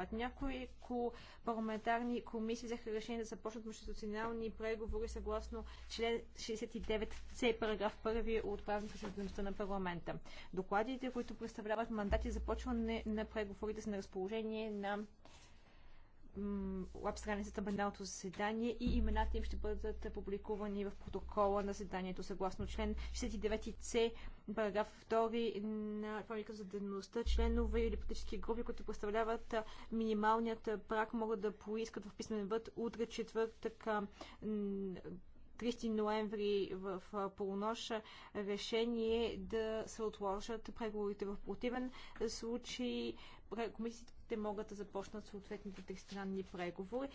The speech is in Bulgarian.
решават. Няколко парламентарни комисии взеха решение да започнат междуинституционални преговори съгласно член 69c, параграф 1 от правилника за дейността на парламента. Докладите, които представляват мандати за започване на преговорите са на разположение на веб страницата на едното заседание и имената им ще бъдат публикувани в протокола на заседанието съгласно член 69c, параграф 2 на Правилника за дейността. Членове или политически групи, които представляват минималният прак, могат да поискат в писмен вид утре четвъртък 30 ноември в полунощ решение да се отложат преговорите. В противен случай комисиите могат да започнат съответните тристранни преговори.